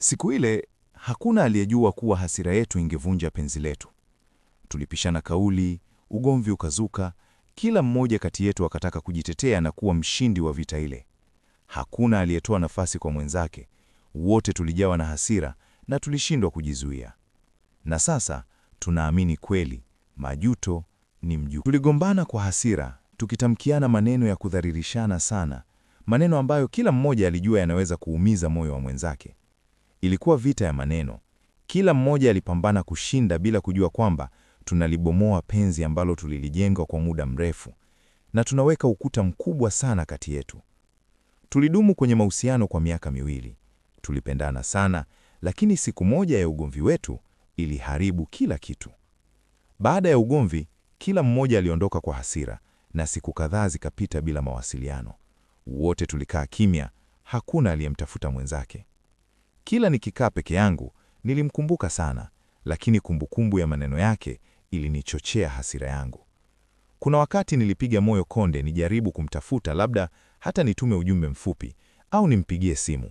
Siku ile hakuna aliyejua kuwa hasira yetu ingevunja penzi letu. Tulipishana kauli, ugomvi ukazuka, kila mmoja kati yetu akataka kujitetea na kuwa mshindi wa vita ile. Hakuna aliyetoa nafasi kwa mwenzake, wote tulijawa na hasira na tulishindwa kujizuia. Na sasa tunaamini kweli, majuto ni mjukuu. Tuligombana kwa hasira, tukitamkiana maneno ya kudharirishana sana, maneno ambayo kila mmoja alijua yanaweza kuumiza moyo wa mwenzake. Ilikuwa vita ya maneno. Kila mmoja alipambana kushinda bila kujua kwamba tunalibomoa penzi ambalo tulilijenga kwa muda mrefu, na tunaweka ukuta mkubwa sana kati yetu. Tulidumu kwenye mahusiano kwa miaka miwili. Tulipendana sana, lakini siku moja ya ugomvi wetu iliharibu kila kitu. Baada ya ugomvi, kila mmoja aliondoka kwa hasira, na siku kadhaa zikapita bila mawasiliano. Wote tulikaa kimya, hakuna aliyemtafuta mwenzake. Kila nikikaa peke yangu nilimkumbuka sana, lakini kumbukumbu ya maneno yake ilinichochea hasira yangu. Kuna wakati nilipiga moyo konde nijaribu kumtafuta, labda hata nitume ujumbe mfupi au nimpigie simu,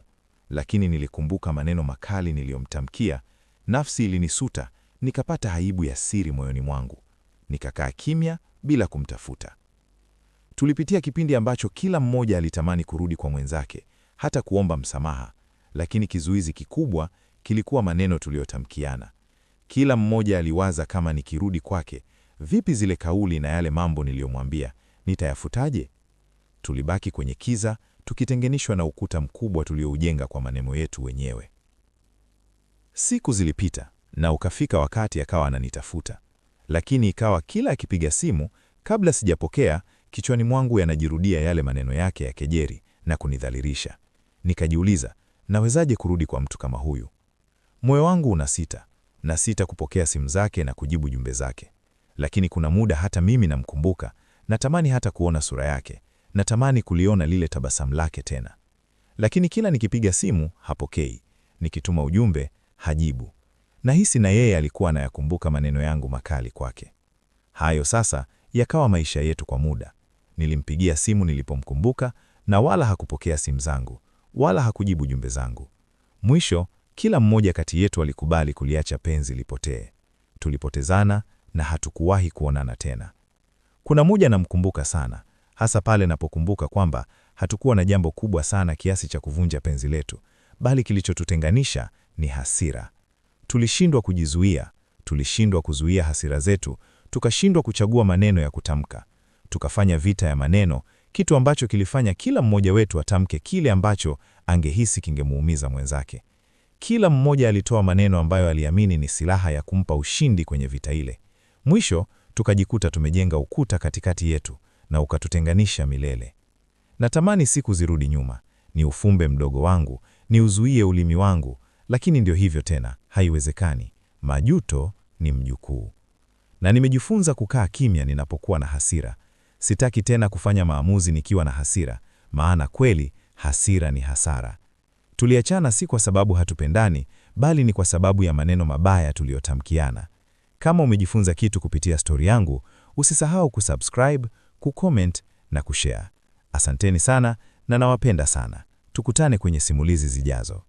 lakini nilikumbuka maneno makali niliyomtamkia. Nafsi ilinisuta, nikapata aibu ya siri moyoni mwangu. Nikakaa kimya bila kumtafuta. Tulipitia kipindi ambacho kila mmoja alitamani kurudi kwa mwenzake, hata kuomba msamaha, lakini kizuizi kikubwa kilikuwa maneno tuliyotamkiana. Kila mmoja aliwaza kama nikirudi kwake, vipi zile kauli na yale mambo niliyomwambia, nitayafutaje? Tulibaki kwenye kiza, tukitengenishwa na ukuta mkubwa tulioujenga kwa maneno yetu wenyewe. Siku zilipita na ukafika wakati akawa ananitafuta, lakini ikawa kila akipiga simu, kabla sijapokea, kichwani mwangu yanajirudia yale maneno yake ya kejeri na kunidhalilisha. Nikajiuliza, nawezaje kurudi kwa mtu kama huyu? Moyo wangu na nasita kupokea simu zake na kujibu jumbe zake, lakini kuna muda hata mimi namkumbuka, natamani hata kuona sura yake, natamani kuliona lile tabasamu lake tena. Lakini kila nikipiga simu hapokei, nikituma ujumbe hajibu. Nahisi na yeye alikuwa anayakumbuka maneno yangu makali kwake. Hayo sasa yakawa maisha yetu kwa muda. Nilimpigia simu nilipomkumbuka na wala hakupokea simu zangu wala hakujibu jumbe zangu. Mwisho, kila mmoja kati yetu alikubali kuliacha penzi lipotee. Tulipotezana na hatukuwahi kuonana tena. Kuna moja namkumbuka sana, hasa pale napokumbuka kwamba hatukuwa na jambo kubwa sana kiasi cha kuvunja penzi letu, bali kilichotutenganisha ni hasira. Tulishindwa kujizuia, tulishindwa kuzuia hasira zetu, tukashindwa kuchagua maneno ya kutamka, tukafanya vita ya maneno kitu ambacho kilifanya kila mmoja wetu atamke kile ambacho angehisi kingemuumiza mwenzake. Kila mmoja alitoa maneno ambayo aliamini ni silaha ya kumpa ushindi kwenye vita ile. Mwisho tukajikuta tumejenga ukuta katikati yetu na ukatutenganisha milele. Natamani siku zirudi nyuma, ni ufumbe mdogo wangu, ni uzuie ulimi wangu, lakini ndio hivyo tena, haiwezekani. Majuto ni mjukuu. Na nimejifunza kukaa kimya ninapokuwa na hasira. Sitaki tena kufanya maamuzi nikiwa na hasira, maana kweli hasira ni hasara. Tuliachana si kwa sababu hatupendani, bali ni kwa sababu ya maneno mabaya tuliyotamkiana. Kama umejifunza kitu kupitia stori yangu, usisahau kusubscribe, kucomment na kushare. Asanteni sana na nawapenda sana. Tukutane kwenye simulizi zijazo.